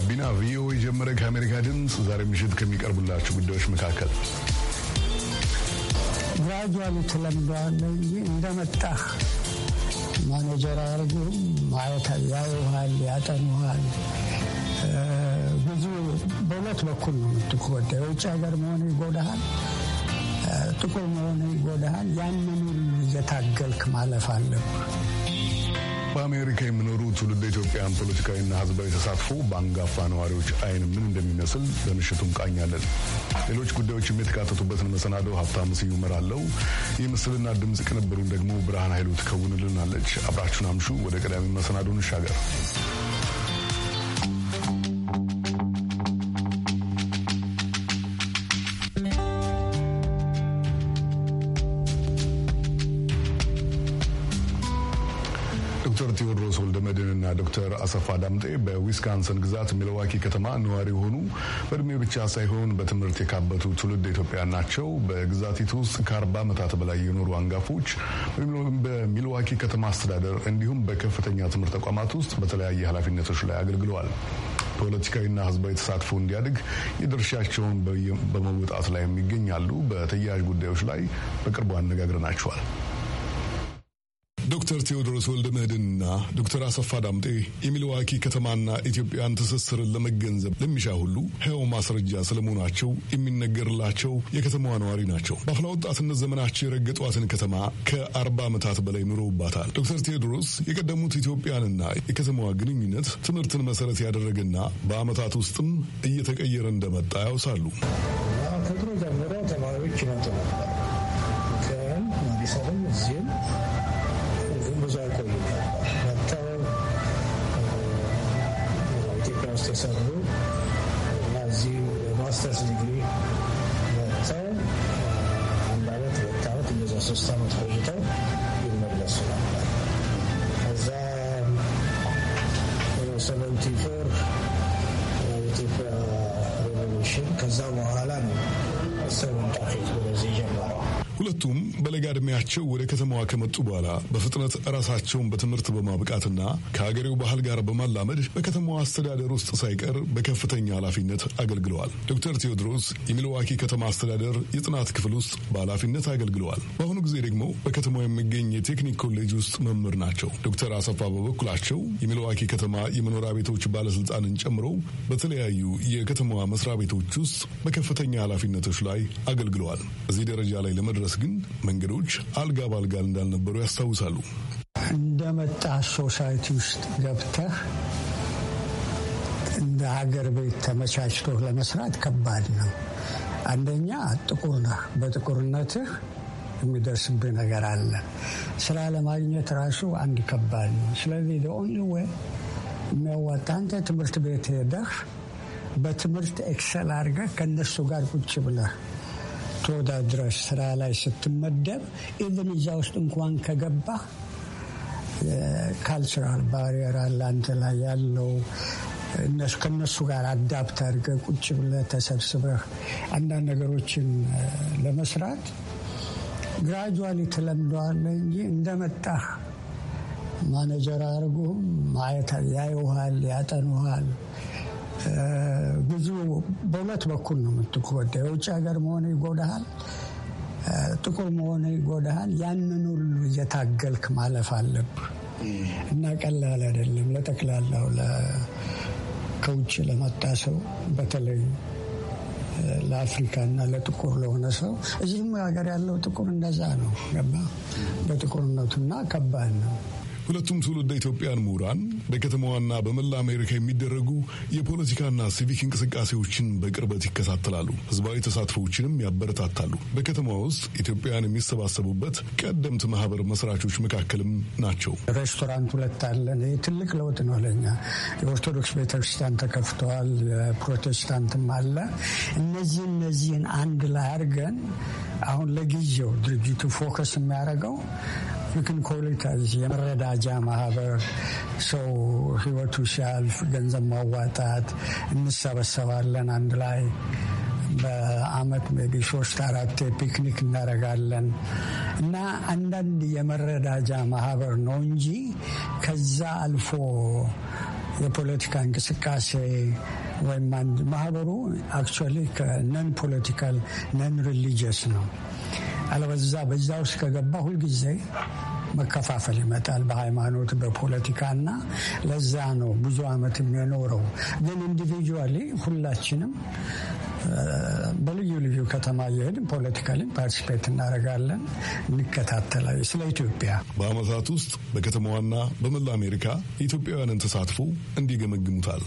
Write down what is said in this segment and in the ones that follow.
ጋቢና ቪኦኤ የጀመረ ከአሜሪካ ድምፅ ዛሬ ምሽት ከሚቀርቡላችሁ ጉዳዮች መካከል ግራጁዋሊ ትለምደዋለህ እንጂ እንደመጣ ማኔጀር አያደርግህም። ማየት ያዩሃል፣ ያጠኑሃል። ብዙ በሁለት በኩል ነው የምትጎዳ። የውጭ ሀገር መሆን ይጎዳሃል፣ ጥቁር መሆን ይጎዳሃል። ያንን እየታገልክ ማለፍ አለብህ። በአሜሪካ የሚኖሩ ትውልደ ኢትዮጵያን ፖለቲካዊና ሕዝባዊ ተሳትፎ በአንጋፋ ነዋሪዎች አይን ምን እንደሚመስል በምሽቱ እንቃኛለን። ሌሎች ጉዳዮችም የተካተቱበትን መሰናዶ ሀብታም ስዩም እመራለሁ። የምስልና ድምፅ ቅንብሩን ደግሞ ብርሃን ኃይሉ ትከውንልናለች። አብራችሁን አምሹ። ወደ ቀዳሚ መሰናዶ እንሻገር። አሰፋ ዳምጤ በዊስካንሰን ግዛት ሚልዋኪ ከተማ ነዋሪ የሆኑ በእድሜ ብቻ ሳይሆን በትምህርት የካበቱ ትውልድ ኢትዮጵያ ናቸው። በግዛቲቱ ውስጥ ከአርባ ዓመታት በላይ የኖሩ አንጋፎች በሚልዋኪ ከተማ አስተዳደር እንዲሁም በከፍተኛ ትምህርት ተቋማት ውስጥ በተለያየ ኃላፊነቶች ላይ አገልግለዋል። ፖለቲካዊና ሕዝባዊ ተሳትፎ እንዲያድግ የድርሻቸውን በመወጣት ላይ ይገኛሉ። በተያያዥ ጉዳዮች ላይ በቅርቡ አነጋግረናቸዋል። ዶክተር ቴዎድሮስ ወልደ ምህድና ዶክተር አሰፋ ዳምጤ የሚልዋኪ ከተማና ኢትዮጵያን ትስስርን ለመገንዘብ ለሚሻ ሁሉ ሕያው ማስረጃ ስለመሆናቸው የሚነገርላቸው የከተማዋ ነዋሪ ናቸው። በአፍላ ወጣትነት ዘመናቸው የረገጧትን ከተማ ከአርባ ዓመታት በላይ ኑረውባታል። ዶክተር ቴዎድሮስ የቀደሙት ኢትዮጵያንና የከተማዋ ግንኙነት ትምህርትን መሰረት ያደረገና በዓመታት ውስጥም እየተቀየረ እንደመጣ ያውሳሉ። ከድሮ ጀምሮ ተማሪዎች ይመጡ ነው እድሜያቸው ወደ ከተማዋ ከመጡ በኋላ በፍጥነት ራሳቸውን በትምህርት በማብቃትና ከሀገሬው ባህል ጋር በማላመድ በከተማዋ አስተዳደር ውስጥ ሳይቀር በከፍተኛ ኃላፊነት አገልግለዋል። ዶክተር ቴዎድሮስ የሚልዋኪ ከተማ አስተዳደር የጥናት ክፍል ውስጥ በኃላፊነት አገልግለዋል። በአሁኑ ጊዜ ደግሞ በከተማ የሚገኝ የቴክኒክ ኮሌጅ ውስጥ መምህር ናቸው። ዶክተር አሰፋ በበኩላቸው የሚልዋኪ ከተማ የመኖሪያ ቤቶች ባለስልጣንን ጨምሮ በተለያዩ የከተማዋ መስሪያ ቤቶች ውስጥ በከፍተኛ ኃላፊነቶች ላይ አገልግለዋል። እዚህ ደረጃ ላይ ለመድረስ ግን መንገዶች አልጋ በአልጋ እንዳልነበሩ ያስታውሳሉ። እንደመጣ ሶሳይቲ ውስጥ ገብተህ እንደ ሀገር ቤት ተመቻችቶ ለመስራት ከባድ ነው። አንደኛ ጥቁር ነህ። በጥቁርነትህ የሚደርስብህ ነገር አለ። ስራ ለማግኘት ራሱ አንድ ከባድ ነው። ስለዚህ ኦንሊ ወይ የሚያዋጣህ አንተ ትምህርት ቤት ሄደህ በትምህርት ኤክሰል አድርገህ ከእነሱ ጋር ቁጭ ብለህ እስክትወጣ ስራ ላይ ስትመደብ ኢቨን እዛ ውስጥ እንኳን ከገባህ ካልቸራል ባሪየር አለ አንተ ላይ ያለው ከነሱ ጋር አዳፕት አድርገ ቁጭ ብለ ተሰብስበህ አንዳንድ ነገሮችን ለመስራት ግራጁዋሊ ትለምደዋለህ እንጂ እንደመጣህ ማኔጀር ማየት ያዩሃል፣ ያጠኑሃል። ብዙ በሁለት በኩል ነው የምትጎዳ የውጭ ሀገር መሆነ ይጎዳሃል፣ ጥቁር መሆነ ይጎዳሃል። ያንን ሁሉ እየታገልክ ማለፍ አለብ። እና ቀላል አይደለም ለጠቅላላው ከውጭ ለመጣ ሰው በተለይ ለአፍሪካ እና ለጥቁር ለሆነ ሰው እዚህም ሀገር ያለው ጥቁር እንደዛ ነው። ገባ በጥቁርነቱና ከባድ ነው። ሁለቱም ትውልደ ኢትዮጵያን ምሁራን በከተማዋና በመላ አሜሪካ የሚደረጉ የፖለቲካና ሲቪክ እንቅስቃሴዎችን በቅርበት ይከታተላሉ፣ ህዝባዊ ተሳትፎዎችንም ያበረታታሉ። በከተማ ውስጥ ኢትዮጵያን የሚሰባሰቡበት ቀደምት ማህበር መስራቾች መካከልም ናቸው። ሬስቶራንት ሁለት አለን። ይህ ትልቅ ለውጥ ነው ለኛ። የኦርቶዶክስ ቤተክርስቲያን ተከፍተዋል፣ ፕሮቴስታንትም አለ። እነዚህ እነዚህን አንድ ላይ አድርገን አሁን ለጊዜው ድርጅቱ ፎከስ የሚያደርገው you can call it as የመረዳጃ ማህበር ሰው ህይወቱ ሲያልፍ ገንዘብ ማዋጣት እንሰበሰባለን አንድ ላይ በአመት ቢ ሶስት አራት ፒክኒክ እናደርጋለን እና አንዳንድ የመረዳጃ ማህበር ነው እንጂ ከዛ አልፎ የፖለቲካ እንቅስቃሴ ወይም ማህበሩ አክቹዋሊ ከነን ፖለቲካል ነን ሪሊጂየስ ነው። አለበዛ በዛ ውስጥ ከገባ ሁልጊዜ መከፋፈል ይመጣል በሃይማኖት በፖለቲካና ለዛ ነው ብዙ አመት የኖረው። ግን ኢንዲቪጁዋሊ ሁላችንም በልዩ ልዩ ከተማ እየሄድን ፖለቲካሊ ፓርቲስፔት እናደርጋለን፣ እንከታተላለን። ስለ ኢትዮጵያ በአመታት ውስጥ በከተማዋና በመላ አሜሪካ ኢትዮጵያውያንን ተሳትፎ እንዲገመግሙታል።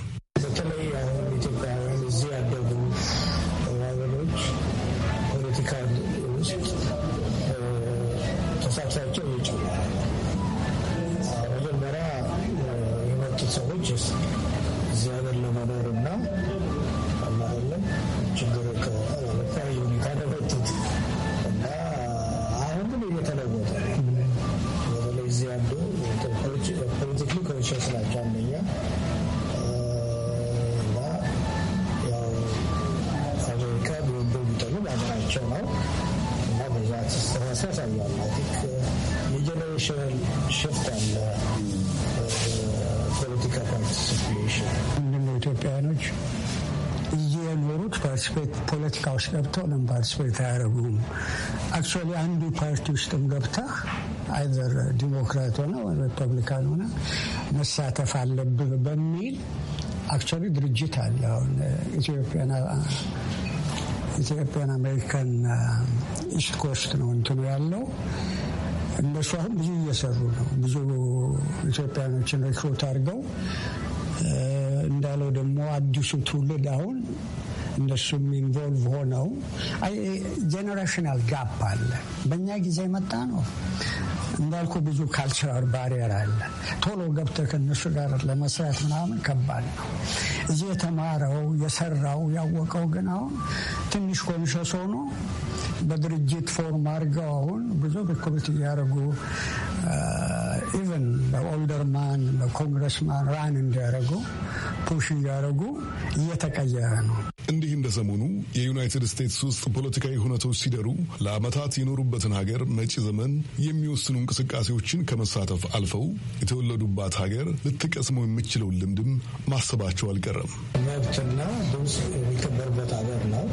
ፓርቲስፔት ፖለቲካ ውስጥ ገብተው ለምን ፓርቲስፔት አያደርጉም? አክቹዋሊ አንዱ ፓርቲ ውስጥም ገብታ አይዘር ዲሞክራት ሆነ ሪፐብሊካን ሆነ መሳተፍ አለብህ በሚል አክቹዋሊ ድርጅት አለ አሁን ኢትዮጵያን አሜሪካን ኢስት ኮስት ነው እንትኑ ያለው። እነሱ አሁን ብዙ እየሰሩ ነው። ብዙ ኢትዮጵያኖችን ሪክሩት አድርገው እንዳለው ደግሞ አዲሱ ትውልድ አሁን እነሱም ኢንቮልቭ ሆነው ጄኔሬሽናል ጋፕ አለ። በእኛ ጊዜ መጣ ነው እንዳልኩ ብዙ ካልቸራል ባሪየር አለ። ቶሎ ገብተህ ከነሱ ጋር ለመስራት ምናምን ከባድ ነው። እዚህ የተማረው የሰራው ያወቀው ግን አሁን ትንሽ ኮንሸስ ሆኖ በድርጅት ፎርም አድርገው አሁን ብዙ ሪክሩት እያደረጉ ኢቨን uh, በኦልደርማን በኮንግረስማን ራን እንዲያደረጉ ፑሽ እያደረጉ እየተቀየረ ነው። እንዲህ እንደ ሰሞኑ የዩናይትድ ስቴትስ ውስጥ ፖለቲካዊ ሁነቶች ሲደሩ ለአመታት የኖሩበትን ሀገር መጪ ዘመን የሚወስኑ እንቅስቃሴዎችን ከመሳተፍ አልፈው የተወለዱባት ሀገር ልትቀስመው የምችለውን ልምድም ማሰባቸው አልቀረም። መብትና ድምፅ የሚከበርበት ሀገር ነው።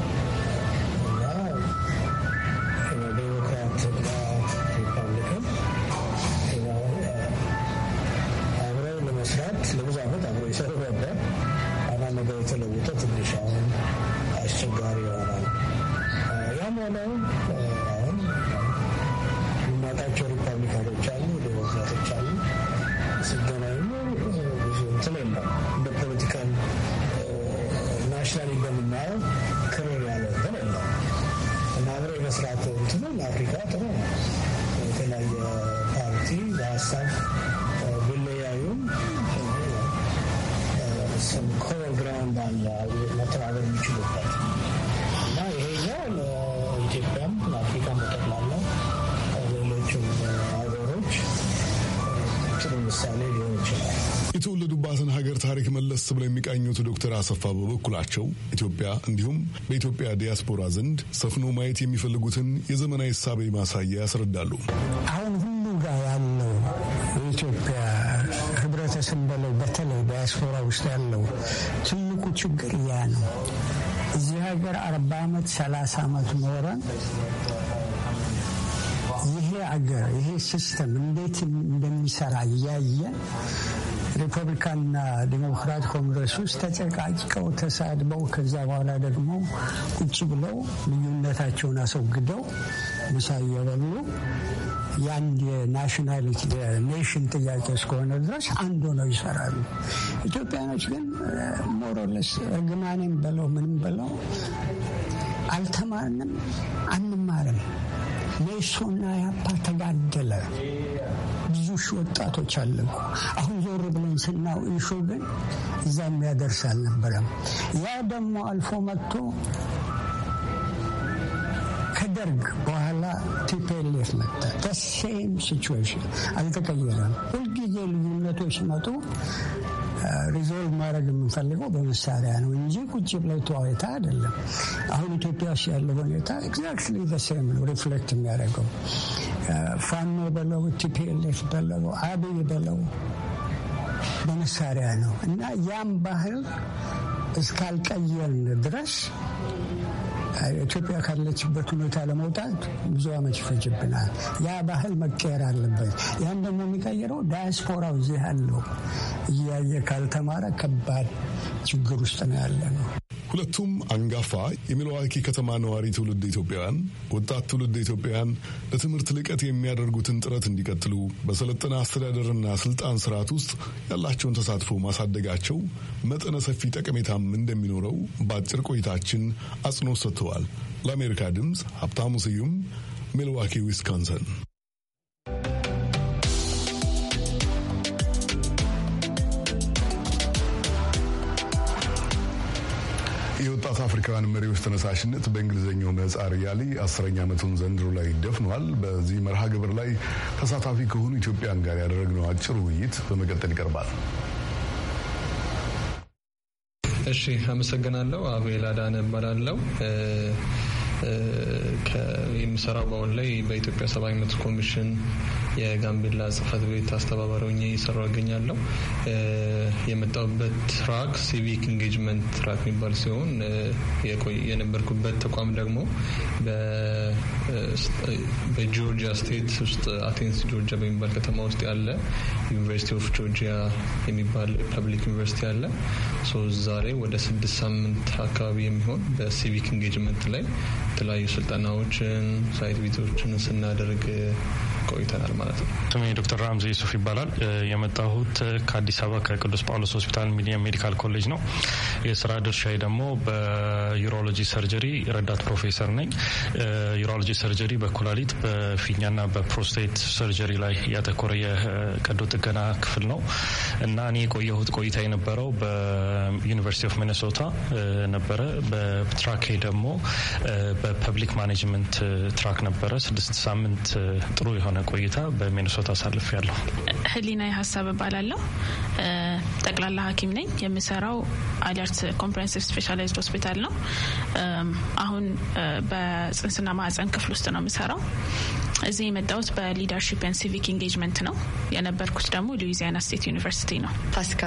ነው። ለአፍሪካ ጥሩ ነው። የተለያየ ፓርቲ በሀሳብ ቢለያዩም ኮመን ግራውንድ አለ መተባበር የሚችሉበት እና ይሄኛው ለኢትዮጵያም ለአፍሪካ በጠቅላላ ሌሎችም ሀገሮች ጥሩ ምሳሌ የተወለዱባትን ሀገር ታሪክ መለስ ብለው የሚቃኙት ዶክተር አሰፋ በበኩላቸው ኢትዮጵያ እንዲሁም በኢትዮጵያ ዲያስፖራ ዘንድ ሰፍኖ ማየት የሚፈልጉትን የዘመናዊ ሳቤ ማሳያ ያስረዳሉ። አሁን ሁሉ ጋር ያለው የኢትዮጵያ ህብረተሰብ በለው በተለይ ዲያስፖራ ውስጥ ያለው ትልቁ ችግር ያ ነው። እዚህ ሀገር አርባ ዓመት ሰላሳ ዓመት ኖረን ይሄ አገር ይሄ ሲስተም እንዴት እንደሚሰራ እያየ ሪፐብሊካንና ዲሞክራት ኮንግረስ ውስጥ ተጨቃጭቀው ተሳድበው ከዛ በኋላ ደግሞ ቁጭ ብለው ልዩነታቸውን አስወግደው ምሳ እየበሉ የአንድ የናሽናሊቲ የኔሽን ጥያቄ እስከሆነ ድረስ አንዱ ነው ይሰራሉ። ኢትዮጵያኖች ግን ሞሮለስ እርግማኔም በለው ምንም በለው አልተማርንም፣ አንማርም። ሜሶና ያፓ ተጋደለ ብዙ ሺህ ወጣቶች አለቁ። አሁን ዞር ብለን ስናው ኢሹ ግን እዛም ያደርስ አልነበረም። ያ ደግሞ አልፎ መጥቶ ከደርግ በኋላ ቲፒኤልኤፍ መጣ። ተሴም ሲቹዌሽን አልተቀየረም። ሁልጊዜ ልዩነቶች መጡ። ሪዞልቭ ማድረግ የምንፈልገው በመሳሪያ ነው እንጂ ቁጭ ብለው ተዋይታ አይደለም። አሁን ኢትዮጵያ ውስጥ ያለው ሁኔታ ኤግዛክትሊ ዘሴም ነው ሪፍሌክት የሚያደርገው ፋኖ በለው ቲፒኤልኤፍ በለው አብይ በለው በመሳሪያ ነው እና ያም ባህል እስካልቀየርን ድረስ ኢትዮጵያ ካለችበት ሁኔታ ለመውጣት ብዙ ዓመት ይፈጅብናል። ያ ባህል መቀየር አለበት። ያን ደግሞ የሚቀይረው ዳያስፖራው እዚህ አለው እያየ ካልተማረ ከባድ ችግር ውስጥ ነው ያለ ነው። ሁለቱም አንጋፋ የሚልዋኪ ከተማ ነዋሪ ትውልድ ኢትዮጵያውያን ወጣት ትውልድ ኢትዮጵያውያን ለትምህርት ልቀት የሚያደርጉትን ጥረት እንዲቀጥሉ በሰለጠነ አስተዳደርና ስልጣን ስርዓት ውስጥ ያላቸውን ተሳትፎ ማሳደጋቸው መጠነ ሰፊ ጠቀሜታም እንደሚኖረው በአጭር ቆይታችን አጽንኦት ሰጥተዋል። ለአሜሪካ ድምፅ ሀብታሙ ስዩም ሚልዋኪ ዊስኮንሰን በአፍሪካውያን መሪዎች ተነሳሽነት በእንግሊዝኛው ምህጻር ያሊ አስረኛ ዓመቱን ዘንድሮ ላይ ደፍኗል። በዚህ መርሃ ግብር ላይ ተሳታፊ ከሆኑ ኢትዮጵያን ጋር ያደረግነው አጭር ውይይት በመቀጠል ይቀርባል። እሺ፣ አመሰግናለሁ። አቤል አዳነ እባላለሁ። የሚሰራው በአሁን ላይ በኢትዮጵያ ሰብአዊ መብት ኮሚሽን የጋምቤላ ጽህፈት ቤት አስተባባሪ ሆኜ እየሰራሁ እገኛለሁ። የመጣሁበት ትራክ ሲቪክ ኢንጌጅመንት ትራክ የሚባል ሲሆን የነበርኩበት ተቋም ደግሞ በጆርጂያ ስቴት ውስጥ አቴንስ ጆርጂያ በሚባል ከተማ ውስጥ ያለ ዩኒቨርሲቲ ኦፍ ጆርጂያ የሚባል ፐብሊክ ዩኒቨርሲቲ አለ። ሶ ዛሬ ወደ ስድስት ሳምንት አካባቢ የሚሆን በሲቪክ ኢንጌጅመንት ላይ የተለያዩ ስልጠናዎችን ሳይት ቪዚቶችን ስናደርግ ቆይተናል ማለት ነው። ስሜ ዶክተር ራምዚ ሱፍ ይባላል። የመጣሁት ከአዲስ አበባ ከቅዱስ ጳውሎስ ሆስፒታል ሚሊኒየም ሜዲካል ኮሌጅ ነው። የስራ ድርሻዬ ደግሞ በዩሮሎጂ ሰርጀሪ ረዳት ፕሮፌሰር ነኝ። ዩሮሎጂ ሰርጀሪ በኩላሊት በፊኛና በፕሮስቴት ሰርጀሪ ላይ ያተኮረ የቀዶ ጥገና ክፍል ነው እና እኔ የቆየሁት ቆይታ የነበረው በዩኒቨርሲቲ ኦፍ ሚኒሶታ ነበረ። በትራኬ ደግሞ በፐብሊክ ማኔጅመንት ትራክ ነበረ። ስድስት ሳምንት ጥሩ የሆነ የሆነ ቆይታ በሚኒሶታ አሳልፍ ያለሁ። ህሊና ሀሳብ እባላለሁ። ጠቅላላ ሐኪም ነኝ። የምሰራው አሊያርት ኮምፕሬንሲቭ ስፔሻላይዝድ ሆስፒታል ነው። አሁን በጽንስና ማህፀን ክፍል ውስጥ ነው የምሰራው። እዚህ የመጣሁት በሊደርሽፕ ን ሲቪክ ኢንጌጅመንት ነው። የነበርኩት ደግሞ ሉዊዚያና ስቴት ዩኒቨርሲቲ ነው። ፓስካ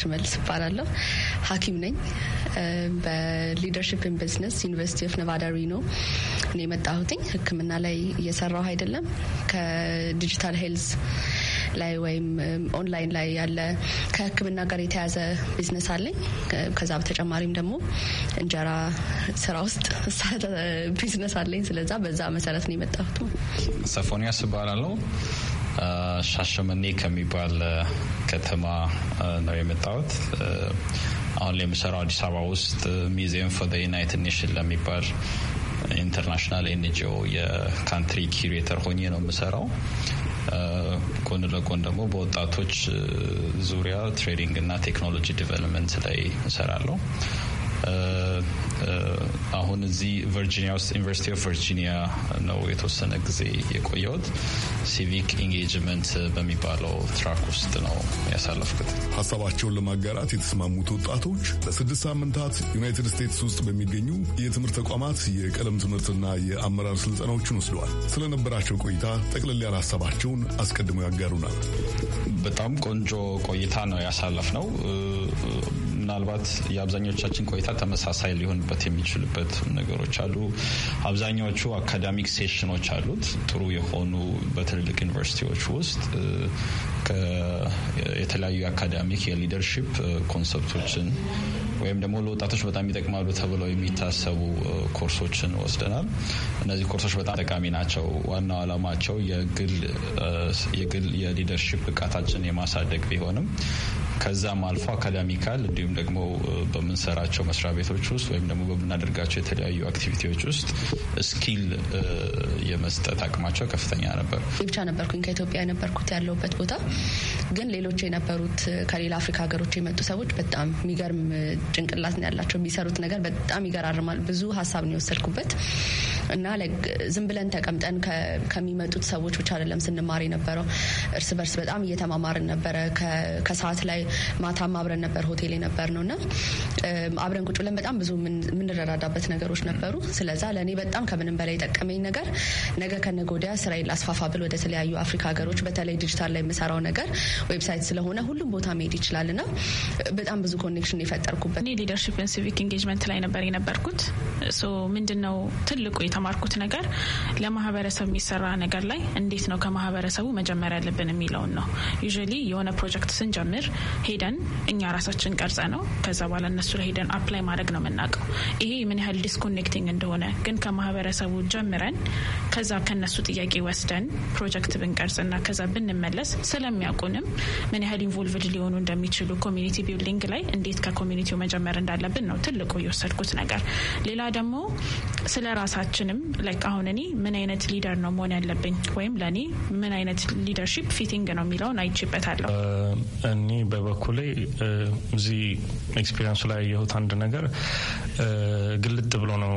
ሽመልስ እባላለሁ። ሐኪም ነኝ። በሊደርሽፕ ን ቢዝነስ ዩኒቨርሲቲ ኦፍ ነቫዳ ሪኖ ነው የመጣሁትኝ። ህክምና ላይ እየሰራሁ አይደለም ከ ከዲጂታል ሄልዝ ላይ ወይም ኦንላይን ላይ ያለ ከሕክምና ጋር የተያዘ ቢዝነስ አለኝ። ከዛ በተጨማሪም ደግሞ እንጀራ ስራ ውስጥ ቢዝነስ አለኝ። ስለዛ በዛ መሰረት ነው የመጣሁት። ሰፎኒያስ እባላለሁ። ሻሸመኔ ከሚባል ከተማ ነው የመጣሁት። አሁን ላይ የምሰራው አዲስ አበባ ውስጥ ሚዚየም ፎር ዩናይትድ ኔሽን ለሚባል ኢንተርናሽናል ኤንጂኦ የካንትሪ ኪሬተር ሆኜ ነው የምሰራው። ጎን ለጎን ደግሞ በወጣቶች ዙሪያ ትሬዲንግ እና ቴክኖሎጂ ዲቨሎፕመንት ላይ እሰራለሁ። አሁን እዚህ ቨርጂኒያ ውስጥ ዩኒቨርሲቲ ኦፍ ቨርጂኒያ ነው የተወሰነ ጊዜ የቆየሁት። ሲቪክ ኢንጌጅመንት በሚባለው ትራክ ውስጥ ነው ያሳለፍኩት። ሀሳባቸውን ለማጋራት የተስማሙት ወጣቶች ለስድስት ሳምንታት ዩናይትድ ስቴትስ ውስጥ በሚገኙ የትምህርት ተቋማት የቀለም ትምህርትና የአመራር ስልጠናዎችን ወስደዋል። ስለነበራቸው ቆይታ ጠቅለል ያለ ሀሳባቸውን አስቀድመው ያጋሩናል። በጣም ቆንጆ ቆይታ ነው ያሳለፍ ነው። ምናልባት የአብዛኞቻችን ቆይታ ተመሳሳይ ሊሆንበት የሚችልበት ነገሮች አሉ። አብዛኛዎቹ አካዳሚክ ሴሽኖች አሉት ጥሩ የሆኑ በትልልቅ ዩኒቨርሲቲዎች ውስጥ የተለያዩ አካዳሚክ የሊደርሽፕ ኮንሰፕቶችን ወይም ደግሞ ለወጣቶች በጣም ይጠቅማሉ ተብለው የሚታሰቡ ኮርሶችን ወስደናል። እነዚህ ኮርሶች በጣም ጠቃሚ ናቸው። ዋናው ዓላማቸው የግል የሊደርሽፕ ብቃታችን የማሳደግ ቢሆንም ከዛም አልፎ አካዳሚካል እንዲሁም ደግሞ በምንሰራቸው መስሪያ ቤቶች ውስጥ ወይም ደግሞ በምናደርጋቸው የተለያዩ አክቲቪቲዎች ውስጥ ስኪል የመስጠት አቅማቸው ከፍተኛ ነበር። ብቻ ነበርኩኝ ከኢትዮጵያ የነበርኩት ያለውበት ቦታ ግን ሌሎች የነበሩት ከሌላ አፍሪካ ሀገሮች የመጡ ሰዎች በጣም የሚገርም ጭንቅላት ያላቸው። የሚሰሩት ነገር በጣም ይገራርማል። ብዙ ሀሳብ ነው የወሰድኩበት እና ዝም ብለን ተቀምጠን ከሚመጡት ሰዎች ብቻ አይደለም ስንማር የነበረው እርስ በርስ በጣም እየተማማርን ነበረ። ከሰዓት ላይ ማታም አብረን ነበር ሆቴል የነበር ነው እና አብረን ቁጭ ብለን በጣም ብዙ የምንረዳዳበት ነገሮች ነበሩ። ስለዛ ለእኔ በጣም ከምንም በላይ የጠቀመኝ ነገር ነገ ከነገ ወዲያ ስራዬን ላስፋፋ ብል ወደ ተለያዩ አፍሪካ ሀገሮች በተለይ ዲጂታል ላይ የምሰራው ነገር ዌብሳይት ስለሆነ ሁሉም ቦታ መሄድ ይችላል እና በጣም ብዙ ኮኔክሽን የፈጠርኩበት እኔ ሊደርሽፕን ሲቪክ ኢንጌጅመንት ላይ ነበር የነበርኩት። ምንድን ነው ትልቁ የተማርኩት ነገር ለማህበረሰብ የሚሰራ ነገር ላይ እንዴት ነው ከማህበረሰቡ መጀመር ያለብን የሚለውን ነው። ዩዥያሊ የሆነ ፕሮጀክት ስንጀምር ሄደን እኛ ራሳችን ቀርጸ ነው ከዛ በኋላ እነሱ ላይ ሄደን አፕላይ ማድረግ ነው የምናውቀው። ይሄ ምን ያህል ዲስኮኔክቲንግ እንደሆነ ግን ከማህበረሰቡ ጀምረን ከዛ ከነሱ ጥያቄ ወስደን ፕሮጀክት ብንቀርጽና ከዛ ብንመለስ ስለሚያውቁንም ምን ያህል ኢንቮልቭድ ሊሆኑ እንደሚችሉ ኮሚኒቲ ቢልዲንግ ላይ እንዴት ከኮሚኒቲው መጀመር እንዳለብን ነው ትልቁ የወሰድኩት ነገር። ሌላ ደግሞ ስለ ራሳችንም ላይክ አሁን እኔ ምን አይነት ሊደር ነው መሆን ያለብኝ ወይም ለእኔ ምን አይነት ሊደርሺፕ ፊቲንግ ነው የሚለውን አይችበታለሁ። እኔ በበኩሌ እዚህ ኤክስፒሪንሱ ላይ ያየሁት አንድ ነገር ግልጥ ብሎ ነው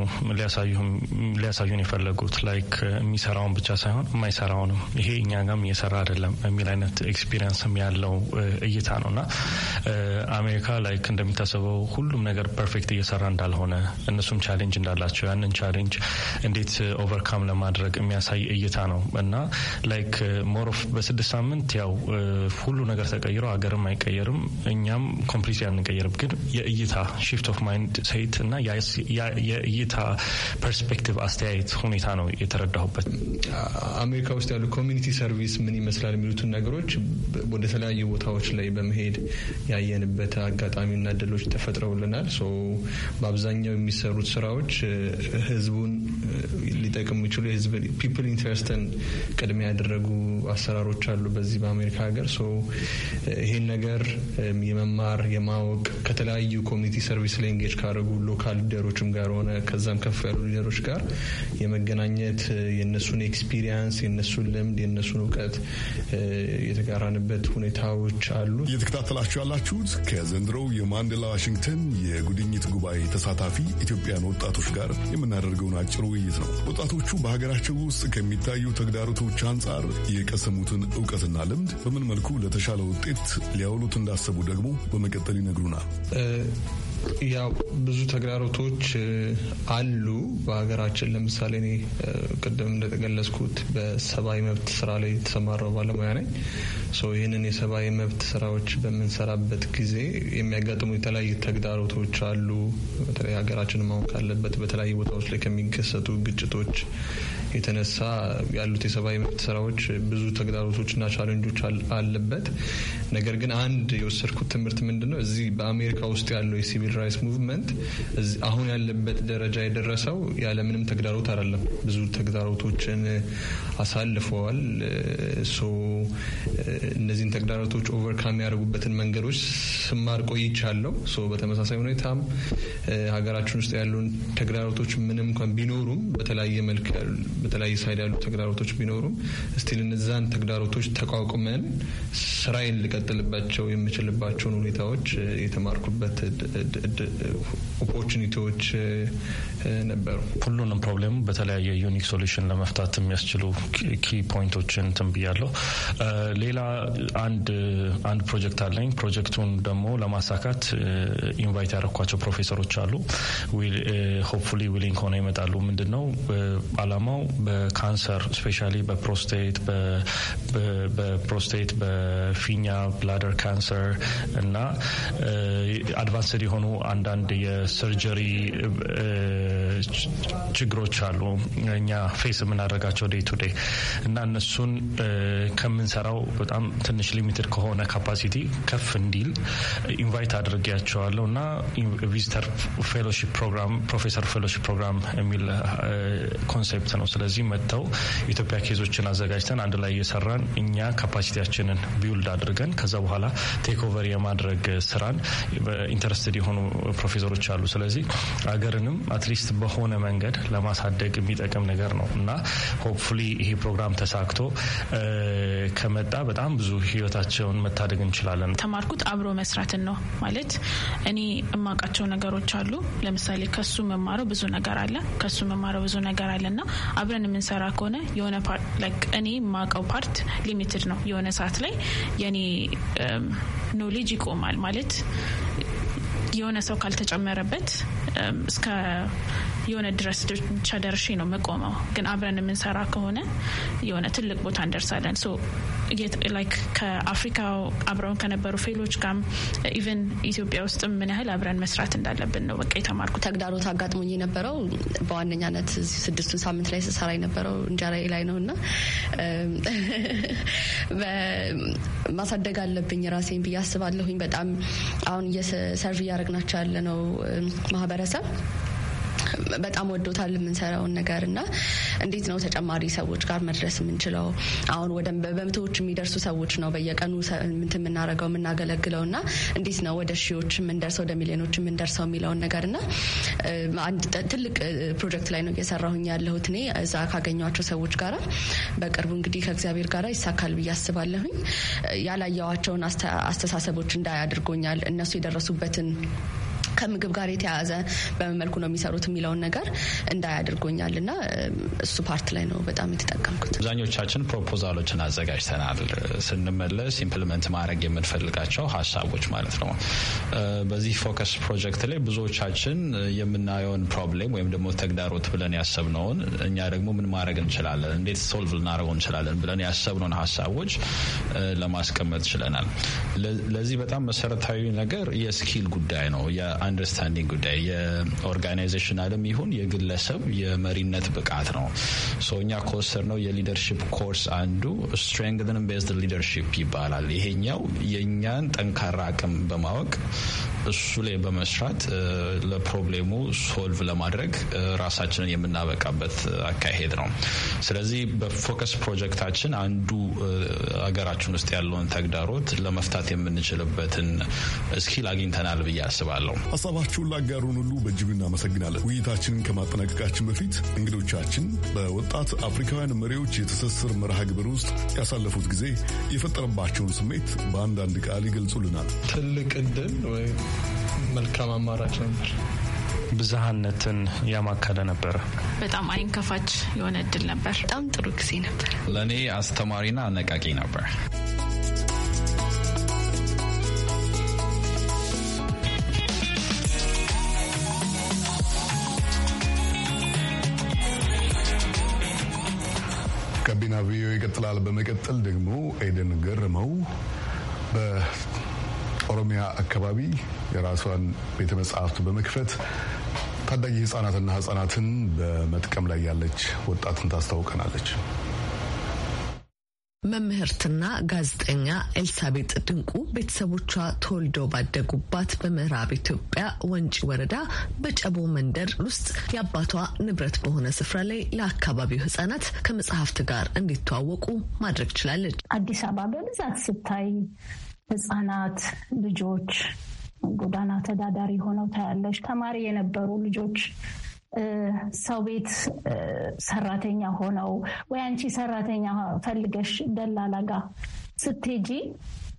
ሊያሳዩን የፈለጉት ላይክ የሚሰራውን ብቻ ሳይሆን የማይሰራውንም ይሄ እኛ ጋም እየሰራ አይደለም የሚል አይነት ኤክስፒሪንስም ያለው እይታ ነው እና አሜሪካ ላይክ እንደሚታሰበው ሁሉም ነገር ፐርፌክት እየሰራ እንዳልሆነ እነሱም ቻሌንጅ እንዳላቸው ያንን ቻሌንጅ እንዴት ኦቨርካም ለማድረግ የሚያሳይ እይታ ነው እና ላይክ ሞሮፍ በስድስት ሳምንት ያው ሁሉ ነገር ተቀይሮ ሀገርም አይቀየርም እኛም ኮምፕሊት አንቀየርም። ግን የእይታ ሽፍት ኦፍ ማይንድ ሴት እና የእይታ ፐርስፔክቲቭ አስተያየት ሁኔታ ነው የተረዳሁበት። አሜሪካ ውስጥ ያሉ ኮሚኒቲ ሰርቪስ ምን ይመስላል የሚሉትን ነገሮች ወደ ተለያዩ ቦታዎች ላይ በመሄድ ያየንበት እና ድሎች ተፈ ፈጥረውልናል። በአብዛኛው የሚሰሩት ስራዎች ህዝቡን ሊጠቅም የሚችሉ የህዝብ ፒፕል ኢንትረስትን ቅድሚያ ያደረጉ አሰራሮች አሉ በዚህ በአሜሪካ ሀገር። ሶ ይሄን ነገር የመማር የማወቅ ከተለያዩ ኮሚኒቲ ሰርቪስ ላይ ኢንጌጅ ካደረጉ ሎካል ሊደሮችም ጋር ሆነ ከዛም ከፍ ያሉ ሊደሮች ጋር የመገናኘት የእነሱን ኤክስፒሪየንስ የእነሱን ልምድ የእነሱን እውቀት የተጋራንበት ሁኔታዎች አሉ። እየተከታተላችሁ ያላችሁት ከዘንድሮው የማንዴላ ዋሽንግተን የጉድኝት ጉባኤ ተሳታፊ ኢትዮጵያን ወጣቶች ጋር የምናደርገውን አጭር ውይይት ነው። ወጣቶቹ በሀገራቸው ውስጥ ከሚታዩ ተግዳሮቶች አንጻር የቀሰሙትን እውቀትና ልምድ በምን መልኩ ለተሻለ ውጤት ሊያውሉት እንዳሰቡ ደግሞ በመቀጠል ይነግሩናል። ያው ብዙ ተግዳሮቶች አሉ በሀገራችን። ለምሳሌ እኔ ቅድም እንደተገለጽኩት በሰብአዊ መብት ስራ ላይ የተሰማራው ባለሙያ ነኝ። ይህንን የሰብአዊ መብት ስራዎች በምንሰራበት ጊዜ የሚያጋጥሙ የተለያዩ ተግዳሮቶች አሉ። በተለይ ሀገራችን ማወቅ ካለበት በተለያዩ ቦታዎች ላይ ከሚከሰቱ ግጭቶች የተነሳ ያሉት የሰብአዊ መብት ስራዎች ብዙ ተግዳሮቶችና ቻለንጆች አለበት። ነገር ግን አንድ የወሰድኩት ትምህርት ምንድን ነው እዚህ በአሜሪካ ውስጥ ያለው የሲቪል ሲቪል ራይትስ ሙቭመንት አሁን ያለበት ደረጃ የደረሰው ያለምንም ተግዳሮት አይደለም። ብዙ ተግዳሮቶችን አሳልፈዋል። ሶ እነዚህን ተግዳሮቶች ኦቨርካም ያደርጉበትን መንገዶች ስማር ቆይቻለሁ። ሶ በተመሳሳይ ሁኔታም ሀገራችን ውስጥ ያሉን ተግዳሮቶች ምንም እንኳን ቢኖሩም በተለያየ መልክ በተለያየ ሳይድ ያሉ ተግዳሮቶች ቢኖሩም ስቲል እነዛን ተግዳሮቶች ተቋቁመን ስራዬን ልቀጥልባቸው የምችልባቸውን ሁኔታዎች የተማርኩበት ኦፖርቹኒቲዎች ነበሩ። ሁሉንም ፕሮብሌም በተለያየ ዩኒክ ሶሉሽን ለመፍታት የሚያስችሉ ኪ ፖይንቶችን ትንብያለሁ። ሌላ አንድ ፕሮጀክት አለኝ። ፕሮጀክቱን ደግሞ ለማሳካት ኢንቫይት ያደረኳቸው ፕሮፌሰሮች አሉ። ሆፕፉሊ ዊሊንግ ሆነ ይመጣሉ። ምንድን ነው አላማው? በካንሰር ስፔሻሊ በፕሮስቴት በፕሮስቴት በፊኛ ብላደር ካንሰር እና አድቫንስድ የሆኑ አንዳንድ የሰርጀሪ ችግሮች አሉ እኛ ፌስ የምናደርጋቸው ዴይ ቱ ዴይ እና እነሱን ከምንሰራው በጣም ትንሽ ሊሚትድ ከሆነ ካፓሲቲ ከፍ እንዲል ኢንቫይት አድርጌያቸዋለሁ እና ቪዚተር ፌሎሺፕ ፕሮግራም ፕሮፌሰር ፌሎሺፕ ፕሮግራም የሚል ኮንሴፕት ነው። ስለዚህ መጥተው ኢትዮጵያ ኬዞችን አዘጋጅተን አንድ ላይ እየሰራን እኛ ካፓሲቲያችንን ቢውልድ አድርገን ከዛ በኋላ ቴክ ኦቨር የማድረግ ስራን ኢንተረስትድ የሆኑ ፕሮፌሰሮች አሉ። ስለዚህ አገርንም አትሊስት በሆነ መንገድ ለማሳደግ የሚጠቅም ነገር ነው እና ሆፕፉሊ ይሄ ፕሮግራም ተሳክቶ ከመጣ በጣም ብዙ ህይወታቸውን መታደግ እንችላለን። ተማርኩት አብሮ መስራትን ነው ማለት እኔ እማውቃቸው ነገሮች አሉ። ለምሳሌ ከሱ መማረው ብዙ ነገር አለ፣ ከሱ መማረው ብዙ ነገር አለ እና አብረን የምንሰራ ከሆነ የሆነ እኔ የማውቀው ፓርት ሊሚትድ ነው። የሆነ ሰዓት ላይ የኔ ኖሌጅ ይቆማል ማለት የሆነ ሰው ካልተጨመረበት እስከ የሆነ ድረስ ብቻ ደርሼ ነው መቆመው። ግን አብረን የምንሰራ ከሆነ የሆነ ትልቅ ቦታ እንደርሳለን። ላይክ ከአፍሪካ አብረውን ከነበሩ ፌሎች ጋር ኢቨን ኢትዮጵያ ውስጥ ምን ያህል አብረን መስራት እንዳለብን ነው በቃ የተማርኩ። ተግዳሮት አጋጥሞኝ የነበረው በዋነኛነት ስድስቱን ሳምንት ላይ ስሰራ የነበረው እንጀራ ላይ ነው እና ማሳደግ አለብኝ ራሴን ብዬ አስባለሁኝ። በጣም አሁን ሰርቭ እያደረግናቸው ያለነው ማህበረሰብ በጣም ወዶታል የምንሰራውን ነገር እና እንዴት ነው ተጨማሪ ሰዎች ጋር መድረስ የምንችለው? አሁን ወደ በመቶዎች የሚደርሱ ሰዎች ነው በየቀኑ ምንት የምናደርገው የምናገለግለው እና እንዴት ነው ወደ ሺዎች የምንደርሰው ወደ ሚሊዮኖች የምንደርሰው የሚለውን ነገር እና አንድ ትልቅ ፕሮጀክት ላይ ነው እየሰራሁኝ ያለሁት እኔ እዛ ካገኟቸው ሰዎች ጋራ በቅርቡ እንግዲህ ከእግዚአብሔር ጋር ይሳካል ብዬ አስባለሁኝ። ያላየዋቸውን አስተሳሰቦች እንዳያደርጎኛል እነሱ የደረሱበትን ከምግብ ጋር የተያያዘ በምን መልኩ ነው የሚሰሩት የሚለውን ነገር እንዳያደርጎኛል እና እሱ ፓርት ላይ ነው በጣም የተጠቀምኩት። አብዛኞቻችን ፕሮፖዛሎችን አዘጋጅተናል። ስንመለስ ኢምፕልመንት ማድረግ የምንፈልጋቸው ሀሳቦች ማለት ነው። በዚህ ፎከስ ፕሮጀክት ላይ ብዙዎቻችን የምናየውን ፕሮብሌም ወይም ደግሞ ተግዳሮት ብለን ያሰብነውን እኛ ደግሞ ምን ማድረግ እንችላለን፣ እንዴት ሶልቭ ልናደርገው እንችላለን ብለን ያሰብነውን ሀሳቦች ለማስቀመጥ ችለናል። ለዚህ በጣም መሰረታዊ ነገር የስኪል ጉዳይ ነው። አንደርስታንዲንግ ጉዳይ የኦርጋናይዜሽናልም ይሁን የግለሰብ የመሪነት ብቃት ነው። እኛ ከወሰድ ነው የሊደርሽፕ ኮርስ አንዱ ስትሬንግን ቤዝድ ሊደርሽፕ ይባላል። ይሄኛው የእኛን ጠንካራ አቅም በማወቅ እሱ ላይ በመስራት ለፕሮብሌሙ ሶልቭ ለማድረግ ራሳችንን የምናበቃበት አካሄድ ነው። ስለዚህ በፎከስ ፕሮጀክታችን አንዱ ሀገራችን ውስጥ ያለውን ተግዳሮት ለመፍታት የምንችልበትን ስኪል አግኝተናል ብዬ አስባለሁ። ሀሳባችሁን ላጋሩን ሁሉ በእጅጉ እናመሰግናለን። ውይይታችንን ከማጠናቀቃችን በፊት እንግዶቻችን በወጣት አፍሪካውያን መሪዎች የትስስር መርሃ ግብር ውስጥ ያሳለፉት ጊዜ የፈጠረባቸውን ስሜት በአንዳንድ ቃል ይገልጹልናል። ትልቅ እድል ወይ መልካም አማራጭ ነበር። ብዝሃነትን ያማከለ ነበረ። በጣም አይን ከፋች የሆነ እድል ነበር። በጣም ጥሩ ጊዜ ነበር። ለእኔ አስተማሪና አነቃቂ ነበር። ቪኦኤ ይቀጥላል። በመቀጠል ደግሞ ኤደን ገርመው በኦሮሚያ አካባቢ የራሷን ቤተ መጽሐፍት በመክፈት ታዳጊ ህጻናትና ህጻናትን በመጥቀም ላይ ያለች ወጣትን ታስታውቀናለች። መምህርትና ጋዜጠኛ ኤልሳቤጥ ድንቁ ቤተሰቦቿ ተወልደው ባደጉባት በምዕራብ ኢትዮጵያ ወንጪ ወረዳ በጨቦ መንደር ውስጥ የአባቷ ንብረት በሆነ ስፍራ ላይ ለአካባቢው ሕጻናት ከመጽሐፍት ጋር እንዲተዋወቁ ማድረግ ችላለች። አዲስ አበባ በብዛት ስታይ ሕጻናት ልጆች ጎዳና ተዳዳሪ ሆነው ታያለች። ተማሪ የነበሩ ልጆች ሰው ቤት ሰራተኛ ሆነው ወይ አንቺ ሰራተኛ ፈልገሽ ደላላ ጋ ስትሄጂ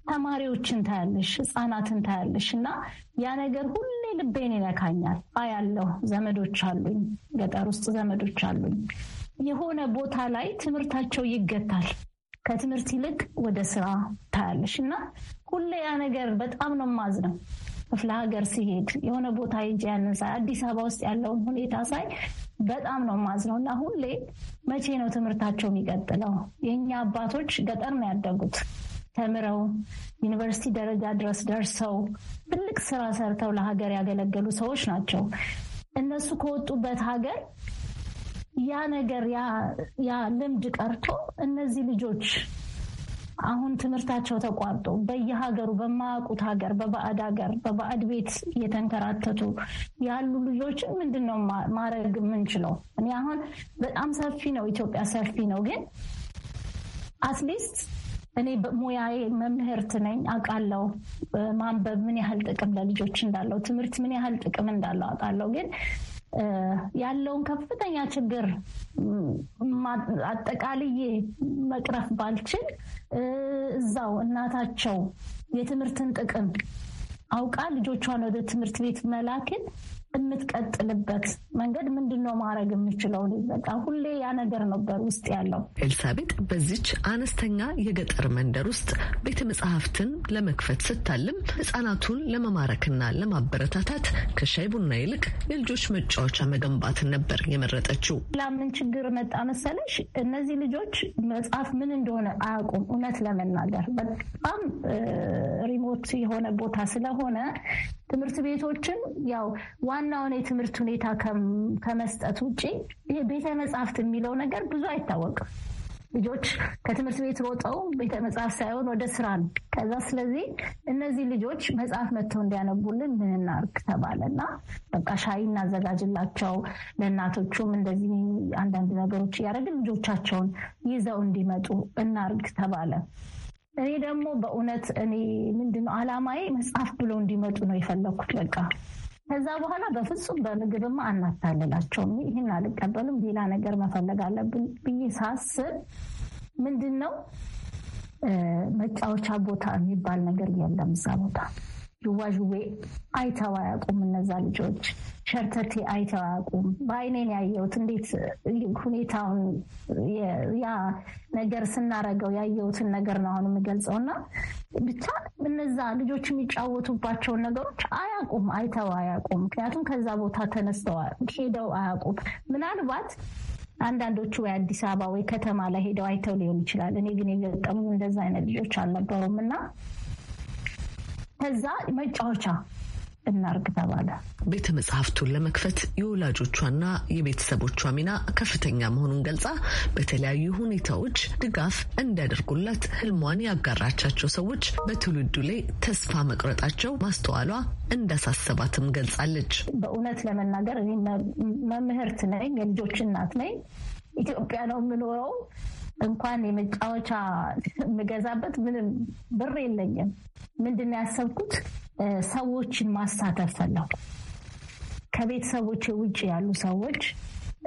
ተማሪዎችን ታያለሽ፣ ህፃናትን ታያለሽ። እና ያ ነገር ሁሌ ልቤን ይነካኛል። አያለሁ። ዘመዶች አሉኝ፣ ገጠር ውስጥ ዘመዶች አሉኝ። የሆነ ቦታ ላይ ትምህርታቸው ይገታል። ከትምህርት ይልቅ ወደ ስራ ታያለሽ እና ሁሌ ያ ነገር በጣም ነው ማዝ ነው ክፍለ ሀገር ሲሄድ የሆነ ቦታ ሄጄ ያንን ሳይ አዲስ አበባ ውስጥ ያለውን ሁኔታ ሳይ በጣም ነው ማዝነው እና ሁሌ መቼ ነው ትምህርታቸው የሚቀጥለው? የእኛ አባቶች ገጠር ነው ያደጉት ተምረው ዩኒቨርሲቲ ደረጃ ድረስ ደርሰው ትልቅ ስራ ሰርተው ለሀገር ያገለገሉ ሰዎች ናቸው። እነሱ ከወጡበት ሀገር ያ ነገር ያ ልምድ ቀርቶ እነዚህ ልጆች አሁን ትምህርታቸው ተቋርጦ በየሀገሩ በማያውቁት ሀገር በባዕድ ሀገር በባዕድ ቤት እየተንከራተቱ ያሉ ልጆችን ምንድን ነው ማድረግ የምንችለው? እኔ አሁን በጣም ሰፊ ነው ኢትዮጵያ ሰፊ ነው። ግን አትሊስት እኔ ሙያዬ መምህርት ነኝ አውቃለሁ። ማንበብ ምን ያህል ጥቅም ለልጆች እንዳለው፣ ትምህርት ምን ያህል ጥቅም እንዳለው አውቃለሁ ግን ያለውን ከፍተኛ ችግር አጠቃልዬ መቅረፍ ባልችል እዛው እናታቸው የትምህርትን ጥቅም አውቃ ልጆቿን ወደ ትምህርት ቤት መላክን የምትቀጥልበት መንገድ ምንድን ነው? ማድረግ የምችለው በቃ ሁሌ ያ ነገር ነበር ውስጥ ያለው። ኤልሳቤጥ በዚች አነስተኛ የገጠር መንደር ውስጥ ቤተ መጽሐፍትን ለመክፈት ስታልም ህጻናቱን ለመማረክና ለማበረታታት ከሻይ ቡና ይልቅ የልጆች መጫወቻ መገንባትን ነበር የመረጠችው። ላምን ችግር መጣ መሰለሽ፣ እነዚህ ልጆች መጽሐፍ ምን እንደሆነ አያውቁም። እውነት ለመናገር በጣም ሪሞት የሆነ ቦታ ስለሆነ ትምህርት ቤቶችን ያው ዋናውን የትምህርት ሁኔታ ከመስጠት ውጭ ይሄ ቤተ መጽሐፍት የሚለው ነገር ብዙ አይታወቅም። ልጆች ከትምህርት ቤት ሮጠው ቤተ መጽሐፍ ሳይሆን ወደ ስራ ነው። ከዛ ስለዚህ እነዚህ ልጆች መጽሐፍ መጥተው እንዲያነቡልን ምን እናርግ ተባለ እና በቃ ሻይ እናዘጋጅላቸው፣ ለእናቶቹም እንደዚህ አንዳንድ ነገሮች እያደረግን ልጆቻቸውን ይዘው እንዲመጡ እናርግ ተባለ። እኔ ደግሞ በእውነት እኔ ምንድን ነው አላማዬ መጽሐፍ ብሎ እንዲመጡ ነው የፈለግኩት በቃ ከዛ በኋላ በፍጹም በምግብማ አናታልላቸውም። ይህን አልቀበልም፣ ሌላ ነገር መፈለግ አለብን ብዬ ሳስብ ምንድን ነው መጫወቻ ቦታ የሚባል ነገር የለም እዛ ቦታ። ዥዋዥዌ አይተው አያውቁም እነዛ ልጆች። ሸርተቴ አይተው አያውቁም። በአይኔን ያየሁት እንዴት ሁኔታውን ያ ነገር ስናረገው ያየሁትን ነገር ነው አሁን የምገልጸው እና ብቻ እነዛ ልጆች የሚጫወቱባቸውን ነገሮች አያውቁም፣ አይተው አያውቁም። ምክንያቱም ከዛ ቦታ ተነስተው ሄደው አያውቁም። ምናልባት አንዳንዶቹ ወይ አዲስ አበባ ወይ ከተማ ላይ ሄደው አይተው ሊሆን ይችላል። እኔ ግን የገጠሙ እንደዛ አይነት ልጆች አልነበሩም እና ከዛ መጫወቻ እናርግ ተባለ። ቤተ መጽሐፍቱን ለመክፈት የወላጆቿና የቤተሰቦቿ ሚና ከፍተኛ መሆኑን ገልጻ በተለያዩ ሁኔታዎች ድጋፍ እንዲያደርጉላት ህልሟን ያጋራቻቸው ሰዎች በትውልዱ ላይ ተስፋ መቁረጣቸው ማስተዋሏ እንዳሳሰባትም ገልጻለች። በእውነት ለመናገር መምህርት ነኝ፣ የልጆች እናት ነኝ። ኢትዮጵያ ነው የምኖረው። እንኳን የመጫወቻ የምገዛበት ምንም ብር የለኝም። ምንድን ነው ያሰብኩት ሰዎችን ማሳተፍ ፈለው ከቤተሰቦች ውጭ ያሉ ሰዎች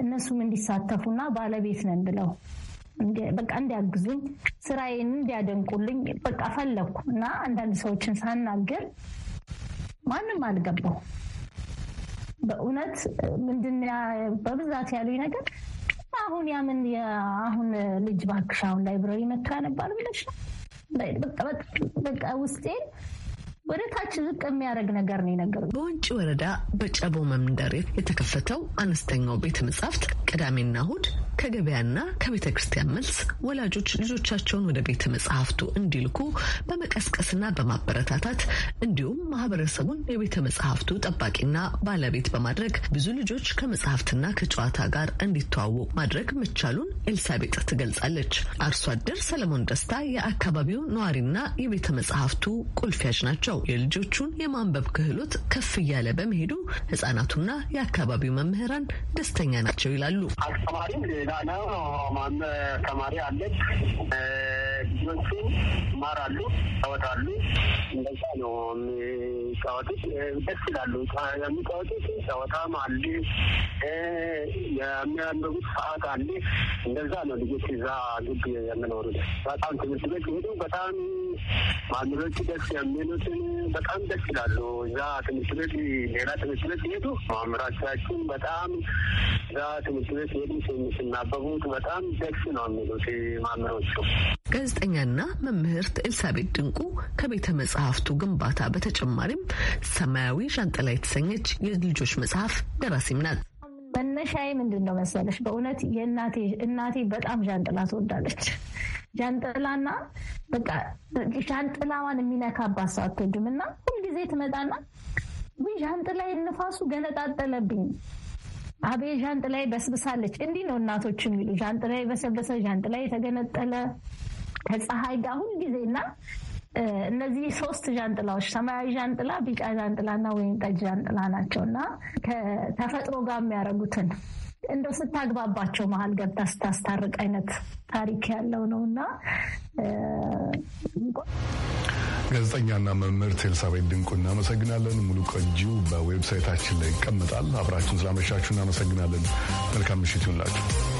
እነሱም እንዲሳተፉና ባለቤት ነን ብለው በቃ እንዲያግዙኝ፣ ስራዬን እንዲያደንቁልኝ በቃ ፈለግኩ እና አንዳንድ ሰዎችን ሳናገር ማንም አልገባው። በእውነት ምንድን በብዛት ያሉኝ ነገር አሁን ያምን አሁን ልጅ እባክሽ አሁን ላይብረሪ መጥቶ ያነባል ብለሽ ነው በቃ ውስጤን ወደ ታች ዝቅ የሚያደርግ ነገር ነው የነገሩ። በወንጪ ወረዳ በጨቦ መንደር የተከፈተው አነስተኛው ቤተ መጻሕፍት ቅዳሜና እሁድ ከገበያና ከቤተ ክርስቲያን መልስ ወላጆች ልጆቻቸውን ወደ ቤተ መጽሐፍቱ እንዲልኩ በመቀስቀስና በማበረታታት እንዲሁም ማህበረሰቡን የቤተ መጽሐፍቱ ጠባቂና ባለቤት በማድረግ ብዙ ልጆች ከመጽሐፍትና ከጨዋታ ጋር እንዲተዋወቁ ማድረግ መቻሉን ኤልሳቤጥ ትገልጻለች። አርሶ አደር ሰለሞን ደስታ የአካባቢው ነዋሪና የቤተ መጽሐፍቱ ቁልፊያጅ ናቸው። የልጆቹን የማንበብ ክህሎት ከፍ እያለ በመሄዱ ህጻናቱና የአካባቢው መምህራን ደስተኛ ናቸው ይላሉ። አሉ? አስተማሪም ሌላ ነው። ተማሪ አለች ልጆቹ ይማራሉ፣ ይጫወታሉ። እንደዛ ነው የሚጫወቱት። ደስ ይላሉ የሚጫወቱት። ጨዋታም አለ፣ የሚያንበቡት ሰዓት አለ። እንደዛ ነው ልጆች እዛ ግብ የምኖሩት። በጣም ትምህርት ቤት ሄዱ። በጣም ማንበቦቹ ደስ የሚሉትን በጣም ደስ ይላሉ። እዛ ትምህርት ቤት ሌላ ትምህርት ቤት ሄዱ። ማምራቻችን በጣም እዛ ትምህርት ቤት ሄዱ ስናበቡት በጣም ደስ ነው የሚሉት ማምሮቹ ጋዜጠኛና መምህርት ኤልሳቤት ድንቁ ከቤተ መጽሐፍቱ ግንባታ በተጨማሪም ሰማያዊ ዣንጥላ የተሰኘች የልጆች መጽሐፍ ደራሲም ናት። መነሻዬ ምንድን ነው መሰለሽ? በእውነት የእናቴ እናቴ በጣም ዣንጥላ ትወዳለች። ዣንጥላና በቃ ዣንጥላዋን የሚነካባት ሰው አትወድም እና ሁልጊዜ ትመጣና ዣንጥላ ንፋሱ ገነጣጠለብኝ አቤ ዣንጥላዬ በስብሳለች። እንዲህ ነው እናቶች የሚሉ ዣንጥላዬ በሰበሰ፣ ዣንጥላዬ የተገነጠለ ከፀሐይ ጋር ሁልጊዜና እነዚህ ሶስት ዣንጥላዎች ሰማያዊ ዣንጥላ፣ ቢጫ ዣንጥላና ወይን ጠጅ ዣንጥላ ናቸው እና ከተፈጥሮ ጋር የሚያደርጉትን እንደው ስታግባባቸው መሀል ገብታ ስታስታርቅ አይነት ታሪክ ያለው ነው እና ጋዜጠኛና መምህርት ኤልሳቤት ድንቁ እናመሰግናለን። ሙሉ ቅጂው በዌብሳይታችን ላይ ይቀመጣል። አብራችን ስላመሻችሁ እናመሰግናለን። መልካም ምሽት ይሁንላችሁ።